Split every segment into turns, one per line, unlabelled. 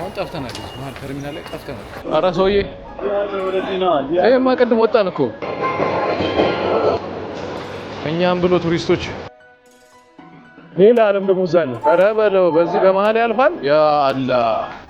አሁን ጠፍተናል። መሀል ተርሚናል ላይ ጠፍተናል። ኧረ ሰውዬ ይሄማ ቅድም ወጣን እኮ እኛም ብሎ ቱሪስቶች ሌላ አለም ደግሞ እዛ ነው። ኧረ በለው በዚህ በመሀል ያልፋል። ያ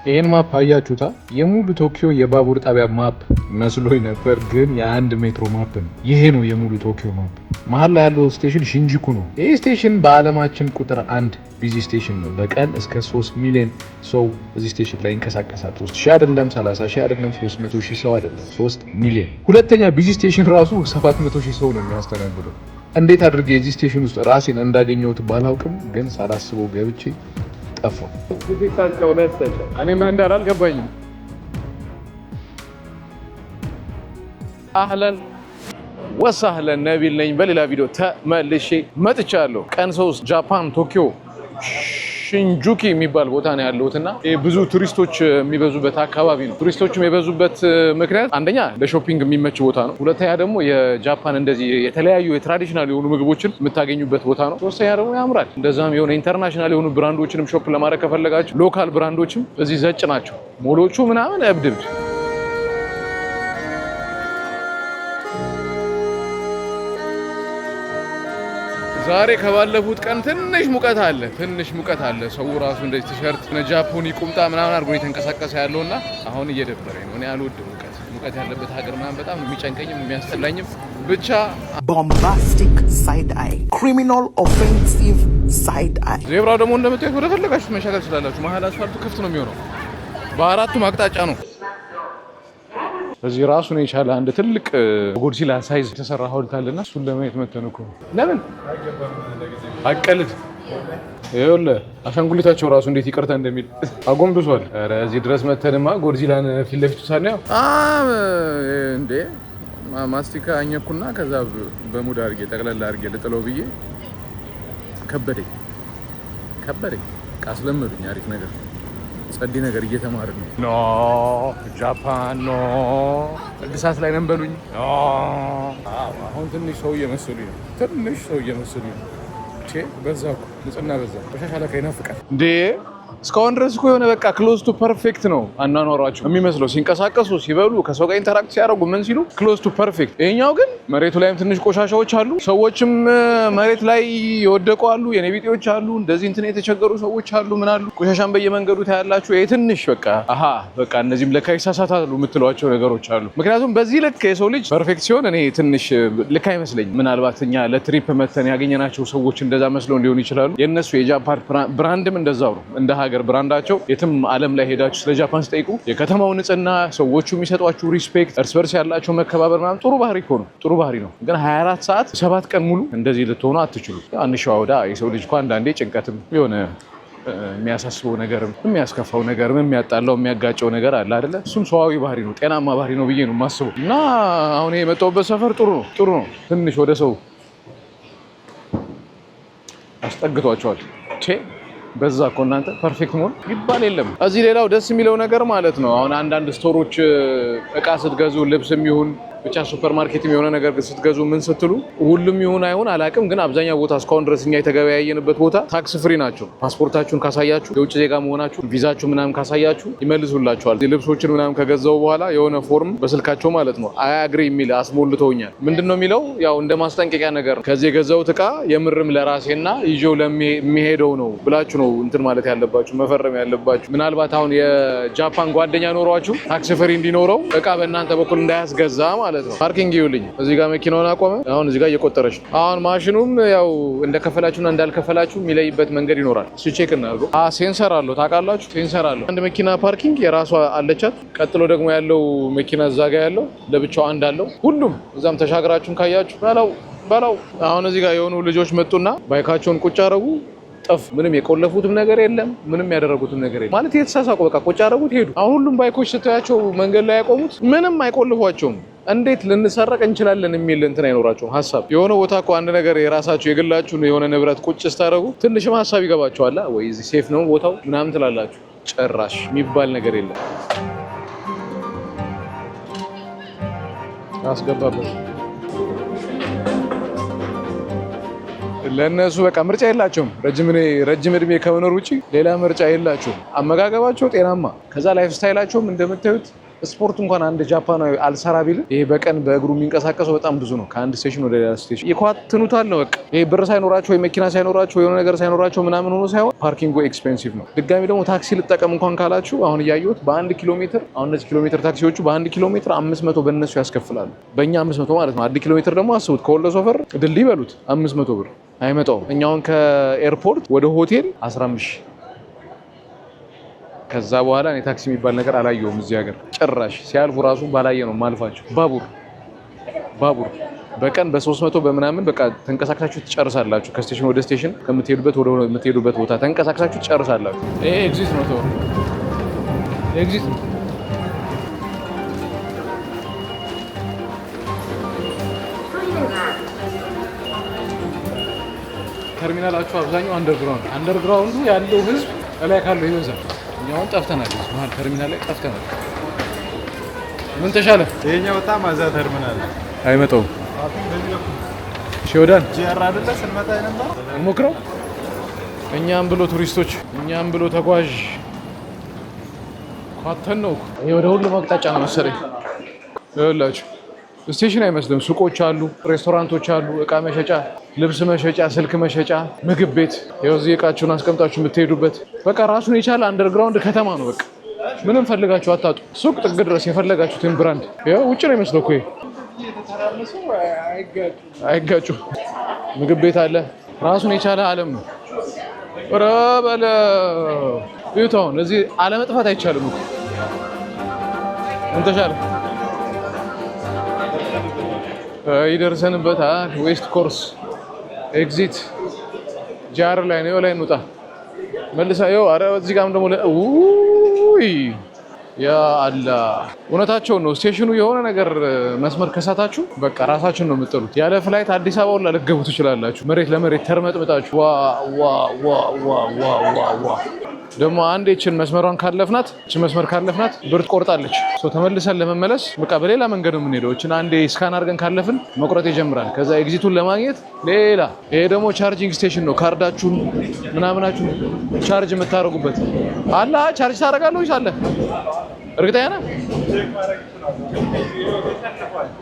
ይህን ማፕ አያችሁታ? የሙሉ ቶኪዮ የባቡር ጣቢያ ማፕ መስሎኝ ነበር፣ ግን የአንድ ሜትሮ ማፕ ነው። ይሄ ነው የሙሉ ቶኪዮ ማፕ። መሀል ላይ ያለው ስቴሽን ሽንጂኩ ነው። ይህ ስቴሽን በዓለማችን ቁጥር አንድ ቢዚ ስቴሽን ነው። በቀን እስከ 3 ሚሊዮን ሰው እዚህ ስቴሽን ላይ ይንቀሳቀሳል። 3 ሺህ አይደለም፣ 30 ሺህ አይደለም፣ 300 ሺህ ሰው አይደለም፣ 3 ሚሊዮን። ሁለተኛ ቢዚ ስቴሽን ራሱ 700 ሺህ ሰው ነው የሚያስተናግደው። እንዴት አድርጌ የዚህ ስቴሽን ውስጥ ራሴን እንዳገኘሁት ባላውቅም ግን ሳላስበው ገብቼ ጠፋሁ። እኔማ እንዳል አልገባኝም። አህለን ወሳህለን ነቢል ነኝ። በሌላ ቪዲዮ ተመልሼ መጥቻለሁ። ቀን ሶስት ጃፓን ቶኪዮ ሽንጁኪ የሚባል ቦታ ነው ያለሁት እና ብዙ ቱሪስቶች የሚበዙበት አካባቢ ነው። ቱሪስቶች የበዙበት ምክንያት አንደኛ ለሾፒንግ የሚመች ቦታ ነው። ሁለተኛ ደግሞ የጃፓን እንደዚህ የተለያዩ የትራዲሽናል የሆኑ ምግቦችን የምታገኙበት ቦታ ነው። ሶስተኛ ደግሞ ያምራል። እንደዛም የሆነ ኢንተርናሽናል የሆኑ ብራንዶችንም ሾፕ ለማድረግ ከፈለጋቸው ሎካል ብራንዶችም እዚህ ዘጭ ናቸው። ሞሎቹ ምናምን እብድብድ ዛሬ ከባለፉት ቀን ትንሽ ሙቀት አለ፣ ትንሽ ሙቀት አለ። ሰው ራሱ እንደዚህ ቲሸርት ነጃፖኒ ቁምጣ ምናምን አድርጎ የተንቀሳቀሰ እና አሁን እየደበረኝ ነው። እኔ አልወድም ሙቀት፣ ሙቀት ያለበት ሀገር ምናምን በጣም የሚጨንቀኝም የሚያስጠላኝም ብቻ። ቦምባስቲክ ሳይድ አይ ክሪሚናል ኦፌንሲቭ ሳይድ አይ። ዜብራው ደግሞ እንደምታዩት ወደ መሻገር ትችላላችሁ። መሀል አስፋልቱ ክፍት ነው የሚሆነው፣ በአራቱም አቅጣጫ ነው። በዚህ ራሱን የቻለ አንድ ትልቅ ጎድዚላ ሳይዝ የተሰራ ሀውልት አለና እሱን ለማየት መተን እኮ ለምን አቀልድ ይኸውልህ አሻንጉሊታቸው ራሱ እንዴት ይቅርታ እንደሚል አጎንብሷል። ኧረ እዚህ ድረስ መተንማ ጎድዚላን ፊት ለፊቱ ሳናየው እንዴ ማስቲካ አኘኩና ከዛ በሙድ አድርጌ ጠቅለላ አድርጌ ልጥለው ብዬ ከበደኝ ከበደኝ። ቃ አሪፍ ነገር ጸዲ ነገር እየተማር ነው። ኖ ጃፓን ኖ ቅድሳት ላይ ነን በሉኝ። አሁን ትንሽ ሰው እየመሰሉኝ ነው። ትንሽ ሰው እየመሰሉኝ ነው። በዛ ንጽህና በዛ ቆሻሻ ለካ ይናፍቃል እንዴ እስካሁን ድረስ እኮ የሆነ በቃ ክሎዝ ቱ ፐርፌክት ነው አናኗሯቸው የሚመስለው። ሲንቀሳቀሱ፣ ሲበሉ፣ ከሰው ጋር ኢንተራክት ሲያደርጉ ምን ሲሉ ክሎዝ ቱ ፐርፌክት። ይሄኛው ግን መሬቱ ላይም ትንሽ ቆሻሻዎች አሉ። ሰዎችም መሬት ላይ የወደቁ አሉ፣ የኔቢጤዎች አሉ፣ እንደዚህ እንትን የተቸገሩ ሰዎች አሉ። ምን አሉ ቆሻሻን በየመንገዱ ታያላችሁ። ይሄ ትንሽ በቃ አሀ በቃ እነዚህም ለካ ይሳሳታሉ የምትሏቸው ነገሮች አሉ። ምክንያቱም በዚህ ልክ የሰው ልጅ ፐርፌክት ሲሆን እኔ ትንሽ ልክ አይመስለኝም። ምናልባት እኛ ለትሪፕ መተን ያገኘናቸው ሰዎች እንደዛ መስለው ሊሆን ይችላሉ። የእነሱ የጃፓን ብራንድም እንደዛው ነው እንደ ሀገር ብራንዳቸው የትም ዓለም ላይ ሄዳችሁ ስለ ጃፓን ስጠይቁ የከተማው ንጽህና፣ ሰዎቹ የሚሰጧችሁ ሪስፔክት፣ እርስ በርስ ያላቸው መከባበር ምናምን ጥሩ ባህሪ እኮ ነው። ጥሩ ባህሪ ነው፣ ግን 24 ሰዓት ሰባት ቀን ሙሉ እንደዚህ ልትሆኑ አትችሉ። አንሸዋወዳ የሰው ልጅ እኮ አንዳንዴ ጭንቀትም የሆነ የሚያሳስበው ነገርም የሚያስከፋው ነገርም የሚያጣላው የሚያጋጨው ነገር አለ አይደለ? እሱም ሰዋዊ ባህሪ ነው፣ ጤናማ ባህሪ ነው ብዬ ነው የማስበው። እና አሁን የመጣሁበት ሰፈር ጥሩ ነው፣ ጥሩ ነው። ትንሽ ወደ ሰው አስጠግቷቸዋል። በዛ እኮ እናንተ ፐርፌክት ሞል ይባል የለም። እዚህ ሌላው ደስ የሚለው ነገር ማለት ነው አሁን አንዳንድ ስቶሮች እቃ ስትገዙ ልብስ የሚሆን ብቻ ሱፐርማርኬትም የሆነ ነገር ስትገዙ ምን ስትሉ ሁሉም ይሁን አይሆን አላቅም፣ ግን አብዛኛው ቦታ እስካሁን ድረስ እኛ የተገበያየንበት ቦታ ታክስ ፍሪ ናቸው። ፓስፖርታችሁን ካሳያችሁ የውጭ ዜጋ መሆናችሁ ቪዛችሁ ምናምን ካሳያችሁ ይመልሱላችኋል። ልብሶችን ምናምን ከገዛው በኋላ የሆነ ፎርም በስልካቸው ማለት ነው አይ አግሪ የሚል አስሞልተውኛል። ምንድን ነው የሚለው ያው እንደ ማስጠንቀቂያ ነገር ነው። ከዚህ የገዛሁት እቃ የምርም ለራሴና ይዤው ለሚሄደው ነው ብላችሁ ነው እንትን ማለት ያለባችሁ መፈረም ያለባችሁ። ምናልባት አሁን የጃፓን ጓደኛ ኖሯችሁ ታክስ ፍሪ እንዲኖረው እቃ በእናንተ በኩል እንዳያስገዛ ማለት ማለት ነው። ፓርኪንግ ይውልኝ እዚህ ጋር መኪናውን አቆመ። አሁን እዚህ ጋር እየቆጠረች ነው። አሁን ማሽኑም ያው እንደከፈላችሁና እንዳልከፈላችሁ የሚለይበት መንገድ ይኖራል። እሱ ቼክ እናድርገው። ሴንሰር አለው ታውቃላችሁ፣ ሴንሰር አለው። አንድ መኪና ፓርኪንግ የራሷ አለቻት። ቀጥሎ ደግሞ ያለው መኪና እዛ ጋ ያለው ለብቻው አንድ አለው። ሁሉም እዛም ተሻግራችሁን ካያችሁ በላው በላው። አሁን እዚህ ጋር የሆኑ ልጆች መጡና ባይካቸውን ቁጭ አረጉ። ጠፉ። ምንም የቆለፉትም ነገር የለም፣ ምንም ያደረጉትም ነገር የለም። ማለት የተሳሳቁ በቃ ቁጭ አደረጉት ሄዱ። አሁን ሁሉም ባይኮች ስታያቸው መንገድ ላይ ያቆሙት ምንም አይቆልፏቸውም። እንዴት ልንሰረቅ እንችላለን የሚል እንትን አይኖራቸውም ሀሳብ። የሆነ ቦታ እኮ አንድ ነገር የራሳችሁ የግላችሁን የሆነ ንብረት ቁጭ ስታደረጉ ትንሽም ሀሳብ ይገባችኋላ ወይ እዚህ ሴፍ ነው ቦታው ምናምን ትላላችሁ። ጭራሽ የሚባል ነገር የለም። አስገባበት ለእነሱ በቃ ምርጫ የላቸውም። ረጅም እድሜ ከመኖር ውጭ ሌላ ምርጫ የላቸውም። አመጋገባቸው ጤናማ፣ ከዛ ላይፍ ስታይላቸውም እንደምታዩት ስፖርት እንኳን አንድ ጃፓናዊ አልሰራ ቢል ይሄ በቀን በእግሩ የሚንቀሳቀሰው በጣም ብዙ ነው። ከአንድ ስቴሽን ወደ ሌላ ስቴሽን ይኳትኑታል ነው በቃ። ይሄ ብር ሳይኖራቸው ወይ መኪና ሳይኖራቸው የሆነ ነገር ሳይኖራቸው ምናምን ሆኖ ሳይሆን ፓርኪንጉ ኤክስፔንሲቭ ነው። ድጋሚ ደግሞ ታክሲ ልጠቀም እንኳን ካላችሁ አሁን እያየሁት በአንድ ኪሎ ሜትር አሁን እነዚህ ኪሎ ሜትር ታክሲዎቹ በአንድ ኪሎ ሜትር አምስት መቶ በእነሱ ያስከፍላሉ። በእኛ አምስት መቶ ማለት ነው። አንድ ኪሎ ሜትር ደግሞ አስቡት ከወሎ ሶፈር ድልድይ በሉት አምስት መቶ ብር አይመጣውም። እኛውን ከኤርፖርት ወደ ሆቴል 15 ከዛ በኋላ እኔ ታክሲ የሚባል ነገር አላየውም እዚህ ሀገር ጭራሽ። ሲያልፉ ራሱ ባላየ ነው ማልፋቸው። ባቡር ባቡር በቀን በ300 በምናምን በቃ ተንቀሳቅሳችሁ ትጨርሳላችሁ። ከስቴሽን ወደ ስቴሽን ከምትሄዱበት ወደ የምትሄዱበት ቦታ ተንቀሳቅሳችሁ ትጨርሳላችሁ። ኤግዚት ነው ተው ኤግዚት ነው ቅድም አብዛኛው አንደርግራውንድ አንደርግራውንዱ ያለው ህዝብ እላይ ካለው ይበዛል። እኛውን ጠፍተናል። መሀል ተርሚናል ላይ ጠፍተናል። ምን ተሻለ? ይሄኛው በጣም አዛ ተርሚናል አይመጣውም። ሺወዳን እንሞክረው። እኛም ብሎ ቱሪስቶች፣ እኛም ብሎ ተጓዥ ኳተን ነው። ይሄ ወደ ሁሉም አቅጣጫ ነው መሰለኝ ይላችሁ ስቴሽን አይመስልም። ሱቆች አሉ፣ ሬስቶራንቶች አሉ፣ እቃ መሸጫ፣ ልብስ መሸጫ፣ ስልክ መሸጫ፣ ምግብ ቤት ያው እዚህ እቃችሁን አስቀምጣችሁ የምትሄዱበት በቃ ራሱን የቻለ አንደርግራውንድ ከተማ ነው። በቃ ምንም ፈልጋችሁ አታጡ። ሱቅ ጥግ ድረስ የፈለጋችሁትን ብራንድ ያው ውጭ ነው ይመስለው እኮ አይጋጩ። ምግብ ቤት አለ። ራሱን የቻለ አለም ነው። ኧረ በለው አሁን እዚህ አለመጥፋት አይቻልም እኮ ይደርሰንበታል። ዌስት ኮርስ ኤግዚት ጃር ላይ ነው። ላይ እንውጣ መልሳ። ይኸው ኧረ እዚህ ጋርም ደግሞ ያ አላህ እውነታቸውን ነው። ስቴሽኑ የሆነ ነገር መስመር ከሳታችሁ በቃ ራሳችን ነው የምጠሉት። ያለ ፍላይት አዲስ አበባ ሁላ ትችላላችሁ። መሬት ለመሬት ተርመጥምጣችሁ ዋ ደግሞ አንድ ችን መስመሯን ካለፍናት ይችን መስመር ካለፍናት ብር ቆርጣለች። ተመልሰን ለመመለስ በቃ በሌላ መንገድ ነው የምንሄደው። ችን አንዴ ስካን አድርገን ካለፍን መቁረጥ ይጀምራል። ከዛ ኤግዚቱን ለማግኘት ሌላ። ይሄ ደግሞ ቻርጂንግ ስቴሽን ነው። ካርዳችሁን ምናምናችሁን ቻርጅ የምታደርጉበት አለ። ቻርጅ ታደርጋለሁ አለ እርግጠኛ ነህ?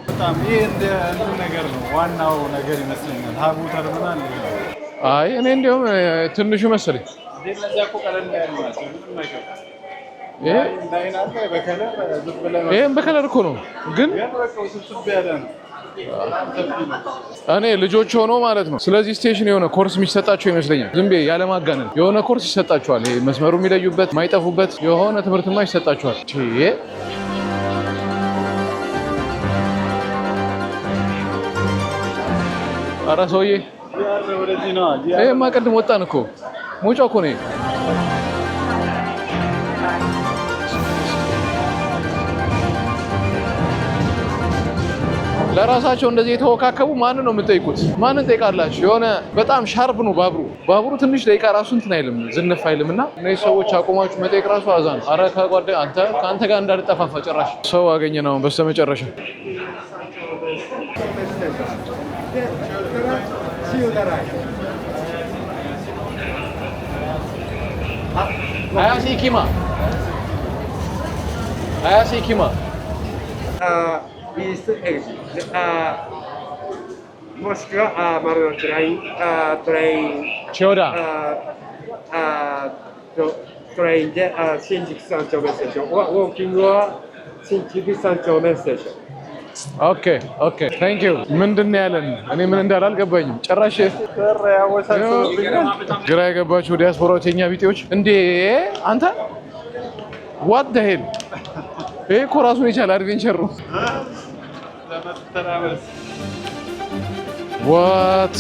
በጣም እንደ ነገር ነው። ዋናው ነገር ይመስለኛል። ሀቡ ተርምናል። አይ እኔ እንዲያውም ትንሹ መሰለኝ። ይሄም በከለር እኮ ነው ግን እኔ ልጆች ሆኖ ማለት ነው። ስለዚህ ስቴሽን የሆነ ኮርስ የሚሰጣቸው ይመስለኛል። ዝም ብዬ ያለማጋነን የሆነ ኮርስ ይሰጣቸዋል። ይሄ መስመሩ የሚለዩበት ማይጠፉበት የሆነ ትምህርትማ ይሰጣቸዋል። ኧረ ሰውዬ ይሄማ ቅድም ወጣን እኮ ሙጫ እኮ ነው። ራሳቸው እንደዚህ የተወካከቡ ማንን ነው የምጠይቁት? ማንን ጠይቃላችሁ? የሆነ በጣም ሻርፕ ነው ባቡሩ። ባቡሩ ትንሽ ደቂቃ ራሱ እንትን አይልም ዝንፍ አይልም። እና እነዚህ ሰዎች አቁማችሁ መጠየቅ ራሱ አዛ ነው። አረ ከጓደ አንተ ከአንተ ጋር እንዳልጠፋፋ ጭራሽ ሰው አገኘ ነው በስተመጨረሻ ሀያሲ ኪማ ሀያሲ ኪማ Biz a Mosca a Marino Train a Train Ce ora? a a to Train de a 新宿三丁目ステーション。ウォーキングは新宿三丁目ステーション。ኦኬ ኦኬ ታንክ ዩ ምንድን ነው ያለን? እኔ ምን እንዳለ አልገባኝም ጭራሽ። ግራ የገባችሁ ዲያስፖራዎች፣ የኛ ቢጤዎች እንዴ! አንተ ዋት ሄል ይሄ እኮ ራሱን የቻለ አድቬንቸር ነው። ዋት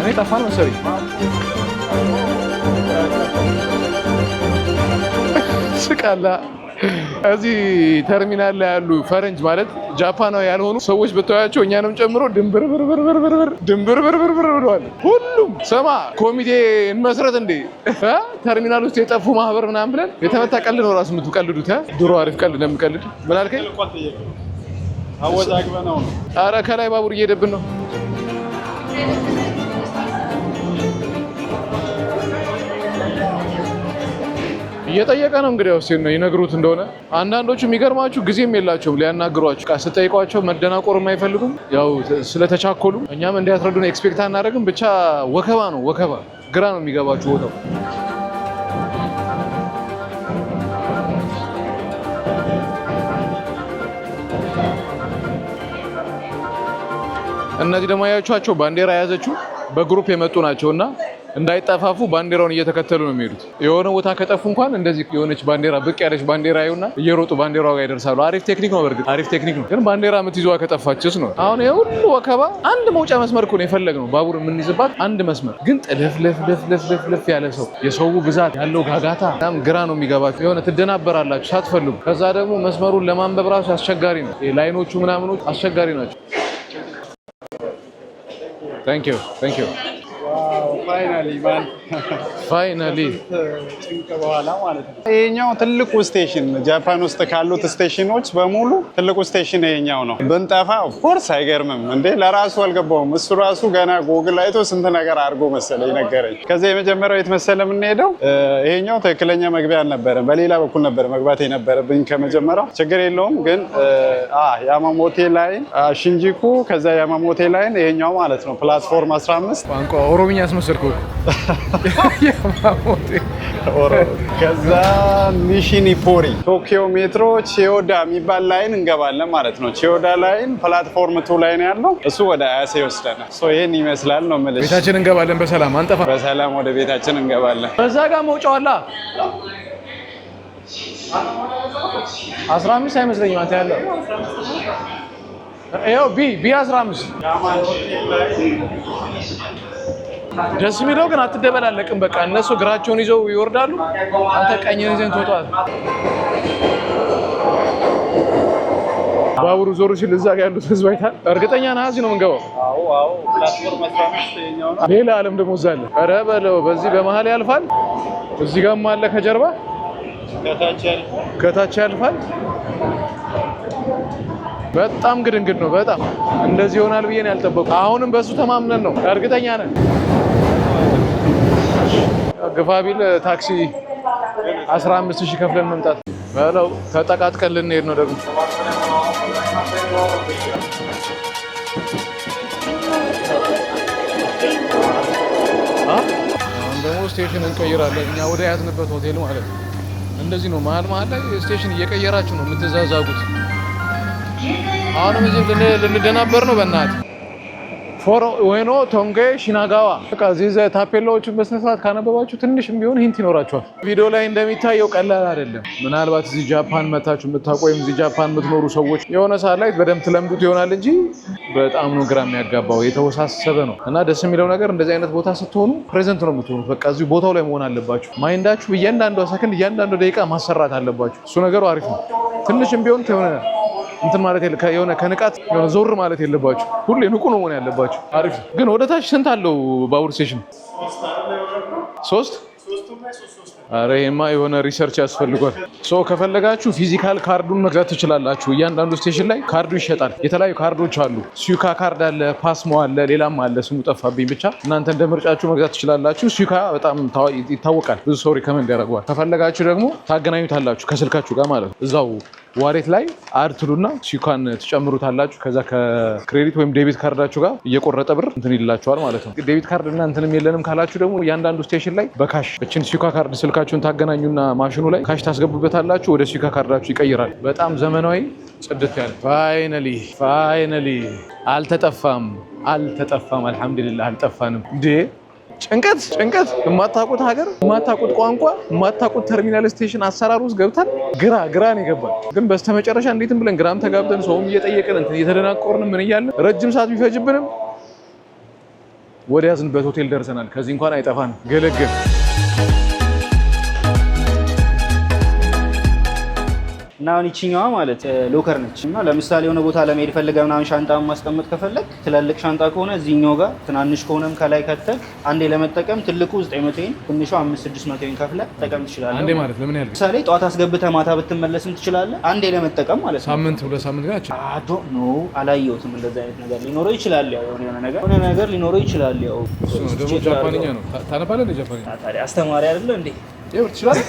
እኔ ጠፋን መሰለኝ። ስቃላ እዚህ ተርሚናል ላይ ያሉ ፈረንጅ ማለት ጃፓናዊ ያልሆኑ ሰዎች ብታያቸው እኛንም ጨምሮ ድንብርብርብርብርብር ድንብርብርብርብር ብለዋል። ሁሉም ሰማ ኮሚቴ እንመስረት እንዴ ተርሚናል ውስጥ የጠፉ ማህበር ምናምን ብለን የተመታ ቀልድ ነው ራሱ የምትቀልዱት። ድሮ አሪፍ ቀልድ ነው የምቀልድ። ምን አልከኝ? አረ ከላይ ባቡር እየሄደብን ነው። እየጠየቀ ነው እንግዲህ ያው ይነግሩት እንደሆነ አንዳንዶቹ የሚገርማችሁ ጊዜም የላቸውም ሊያናግሯቸው። ስጠይቋቸው መደናቆርም አይፈልጉም። ያው ስለተቻኮሉ እኛም እንዲያስረዱን ኤክስፔክት አናደርግም። ብቻ ወከባ ነው ወከባ። ግራ ነው የሚገባችሁ ቦታው እነዚህ ደግሞ ያያችኋቸው ባንዲራ የያዘችው በግሩፕ የመጡ ናቸው እና እንዳይጠፋፉ ባንዲራውን እየተከተሉ ነው የሚሄዱት። የሆነ ቦታ ከጠፉ እንኳን እንደዚህ የሆነች ባንዲራ ብቅ ያለች ባንዲራ ይሁና እየሮጡ ባንዲራው ጋር ይደርሳሉ። አሪፍ ቴክኒክ ነው፣ በእርግጥ አሪፍ ቴክኒክ ነው። ግን ባንዲራ የምትይዘዋ ከጠፋችስ ነው። አሁን የሁሉ ወከባ አንድ መውጫ መስመር እኮ ነው የፈለግነው፣ ባቡር የምንይዝባት አንድ መስመር። ግን ጥልፍልፍልፍልፍልፍ ያለ ሰው፣ የሰው ብዛት ያለው ጋጋታ በጣም ግራ ነው የሚገባቸው። የሆነ ትደናበራላችሁ ሳትፈልጉ። ከዛ ደግሞ መስመሩን ለማንበብ ራሱ አስቸጋሪ ነው። ላይኖቹ ምናምኖች አስቸጋሪ ናቸው። ታንኪዩ ፋይናሊ ፋይናሊ ጭንቅ በኋላ ማለት ነው። ይሄኛው ትልቁ ስቴሽን ጃፓን ውስጥ ካሉት ስቴሽኖች በሙሉ ትልቁ ስቴሽን ይሄኛው ነው። ብንጠፋ ኦፍኮርስ አይገርምም እንዴ! ለራሱ አልገባውም። እሱ ራሱ ገና ጎግል አይቶ ስንት ነገር አድርጎ መሰለኝ ነገረኝ። ከዚያ የመጀመሪያው የት መሰለ የምንሄደው ይሄኛው ትክክለኛ መግቢያ አልነበረም። በሌላ በኩል ነበር መግባት የነበረብኝ ከመጀመሪያው። ችግር የለውም ግን ያማሞቴ ላይን ሽንጂኩ፣ ከዛ ያማሞቴ ላይን ይሄኛው ማለት ነው ፕላትፎርም 15 ቋንቋ ኦሮምኛ አስመስል አልኩ ከዛ ኒሺኒፖሪ ቶኪዮ ሜትሮ ቺዮዳ የሚባል ላይን እንገባለን ማለት ነው። ቺዮዳ ላይን ፕላትፎርም ቱ ላይ ያለው። እሱ ወደ አያሴ ይወስደናል። ይህን ይመስላል ነው የምልሽ። ቤታችን እንገባለን። በሰላም አንጠፋ። በሰላም ወደ ቤታችን እንገባለን። በዛ ጋር መውጫዋላ አስራ አምስት አይመስለኝም። አንተ ያለው ይኸው ቢ ቢ አስራ አምስት ደስ የሚለው ግን አትደበላለቅም። በቃ እነሱ እግራቸውን ይዘው ይወርዳሉ፣ አንተ ቀኝን ይዘን ትወጣል። ባቡሩ ዞሩ ሲል እዛ ጋ ያሉት ህዝብ አይታል። እርግጠኛ ነህ እዚህ ነው የምንገባው? ሌላ አለም ደግሞ እዛ አለ። ኧረ በለው በዚህ በመሀል ያልፋል። እዚህ ጋርም አለ ከጀርባ ከታች ያልፋል። በጣም ግድንግድ ነው። በጣም እንደዚህ ይሆናል ብዬ ነው ያልጠበቁ። አሁንም በእሱ ተማምነን ነው እርግጠኛ ነን። ግፋቢል ታክሲ 15 ሺህ ከፍለን መምጣት በለው። ተጠቃጥቀን ልንሄድ ነው ደግሞ አሁን ደግሞ ስቴሽን እንቀይራለን እኛ ወደ ያዝንበት ሆቴል ማለት ነው። እንደዚህ ነው መሀል መሀል ላይ ስቴሽን እየቀየራችሁ ነው የምትዛዛጉት። አሁንም እዚህ ልንደናበር ነው በእናትህ ፎሮ ወይኖ ቶንጌ ሽናጋዋ በቃ እዚህ ታፔላዎቹን በስነስርዓት ካነበባችሁ ትንሽም ቢሆን ሂንት ይኖራችኋል። ቪዲዮ ላይ እንደሚታየው ቀላል አይደለም። ምናልባት እዚህ ጃፓን መታችሁ የምታውቁ ወይም እዚህ ጃፓን የምትኖሩ ሰዎች የሆነ ሰዓት ላይ በደንብ ትለምዱት ይሆናል እንጂ በጣም ነው ግራ የሚያጋባው የተወሳሰበ ነው እና ደስ የሚለው ነገር እንደዚህ አይነት ቦታ ስትሆኑ ፕሬዘንት ነው የምትሆኑት። በቃ እዚሁ ቦታው ላይ መሆን አለባችሁ። ማይንዳችሁ እያንዳንዷ ሰከንድ፣ እያንዳንዷ ደቂቃ ማሰራት አለባችሁ። እሱ ነገሩ አሪፍ ነው። ትንሽም ቢሆን የሆነ እንትን ማለት የሆነ ከንቃት ዞር ማለት የለባችሁ። ሁሌ ንቁ ነው መሆን ያለባችሁ። አሪፍ ግን ወደ ታች ስንት አለው ባቡር ስቴሽን? ሶስት አረ ይሄማ የሆነ ሪሰርች ያስፈልጓል። ሶ ከፈለጋችሁ ፊዚካል ካርዱን መግዛት ትችላላችሁ። እያንዳንዱ ስቴሽን ላይ ካርዱ ይሸጣል። የተለያዩ ካርዶች አሉ። ሱካ ካርድ አለ፣ ፓስሞ አለ፣ ሌላም አለ። ስሙ ጠፋብኝ። ብቻ እናንተ እንደ ምርጫችሁ መግዛት ትችላላችሁ። ሱካ በጣም ይታወቃል። ብዙ ሰው ሪከመንድ ያደርገዋል። ከፈለጋችሁ ደግሞ ታገናኙታላችሁ ከስልካችሁ ጋር ማለት ነው እዛው ዋሬት ላይ አድ ትሉና ትጨምሩታላችሁ። ከዛ ከክሬዲት ወይም ዴቢት ካርዳችሁ ጋር እየቆረጠ ብር እንትን ይልላችኋል ማለት ነው። ዴቢት ካርድ እና እንትንም የለንም ካላችሁ ደግሞ እያንዳንዱ ስቴሽን ላይ በካሽ እችን ሲኳ ካርድ ስልካችሁን ታገናኙና ማሽኑ ላይ ካሽ ታስገቡበታላችሁ። ወደ ሲኳ ካርዳችሁ ይቀይራል። በጣም ዘመናዊ ጽድት ያለ ፋይናሊ ፋይናሊ አልተጠፋም፣ አልተጠፋም። አልሐምዱሊላህ አልጠፋንም እንዴ ጭንቀት ጭንቀት የማታውቁት ሀገር የማታውቁት ቋንቋ የማታውቁት ተርሚናል ስቴሽን አሰራር ውስጥ ገብተን ግራ ነው የገባል። ግን በስተመጨረሻ እንዴትም ብለን ግራም ተጋብተን ሰውም እየጠየቅን እንትን እየተደናቆርን ምን እያለን ረጅም ሰዓት ቢፈጅብንም ወደ ያዝንበት ሆቴል ደርሰናል። ከዚህ እንኳን አይጠፋን ገለገል እና አሁን ይችኛዋ ማለት ሎከር ነች እና ለምሳሌ የሆነ ቦታ ለመሄድ ፈልገህ ምናምን ሻንጣ ማስቀመጥ ከፈለግ ትላልቅ ሻንጣ ከሆነ እዚህኛው ጋር ትናንሽ ከሆነም ከላይ ከተክ አንዴ ለመጠቀም ትልቁ 900ን ትንሹ 5600ን ከፍለ መጠቀም ትችላለህ። አንዴ ማለት ለምን ያህል ለምሳሌ ጠዋት አስገብተ ማታ ብትመለስም ትችላለህ። አንዴ ለመጠቀም ማለት ነው። ሳምንት ሁለት ሳምንት ጋር አችል አዶ ኖ አላየሁትም። እንደዚህ አይነት ነገር ሊኖረው ይችላል። ያው የሆነ ነገር የሆነ ነገር ሊኖረው ይችላል። ያው ደግሞ ጃፓንኛ ነው ታነባለህ። ጃፓንኛ ታዲያ አስተማሪ አይደለ እንዴ? ይኸው ትችላለህ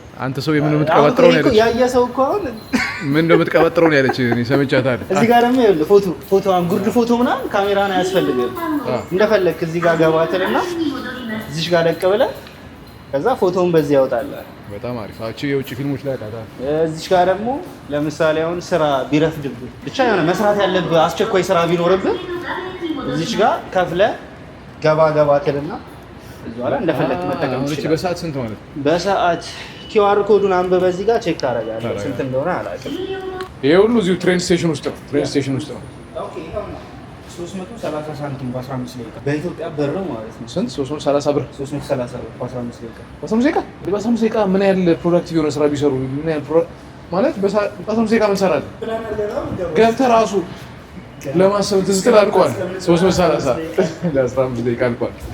አንተ ሰው የምን የምትቀበጥረው ነው ያለች። ያያ ሰው እኮ አሁን ምን ነው የምትቀበጥረው ነው ያለች። እኔ ሰምቻታለሁ። እዚህ ጋር ደግሞ ይኸውልህ ፎቶ ፎቶ አሁን ጉርድ ፎቶ ምናምን ካሜራን አያስፈልግም። እንደፈለግህ እዚህ ጋር ገባትልና እዚህ ጋር ደቅ ብለህ ከዛ ፎቶውን በዚህ ያወጣል። በጣም አሪፍ አቺ የውጭ ፊልሞች ላይ አቃታ። እዚህ ጋር ደግሞ ለምሳሌ አሁን ስራ ቢረፍድብህ ብቻ የሆነ መስራት ያለብህ አስቸኳይ ስራ ቢኖርብህ እዚህ ጋር ከፍለህ ገባ ገባ ትልና እንደፈለክ መጠቀም ትችላለህ። በሰዓት ስንት በሰዓት ኪዋር ኮዱን አንብበህ እዚህ ጋር ቼክ ታደርጋለህ። ስንት እንደሆነ አላውቅም። ይሄ ሁሉ እዚሁ ትሬን ስቴሽን ውስጥ ነው። ትሬን ስቴሽን ውስጥ ነው። ምን ያህል ፕሮዳክቲቭ የሆነ ስራ ቢሰሩ ማለት በአስራ አምስት ደቂቃ ምን ገብተህ ለማሰብ ትዝትል አልቋል። ሶስት መቶ ሰላሳ ለአስራ አምስት ደቂቃ አልቋል።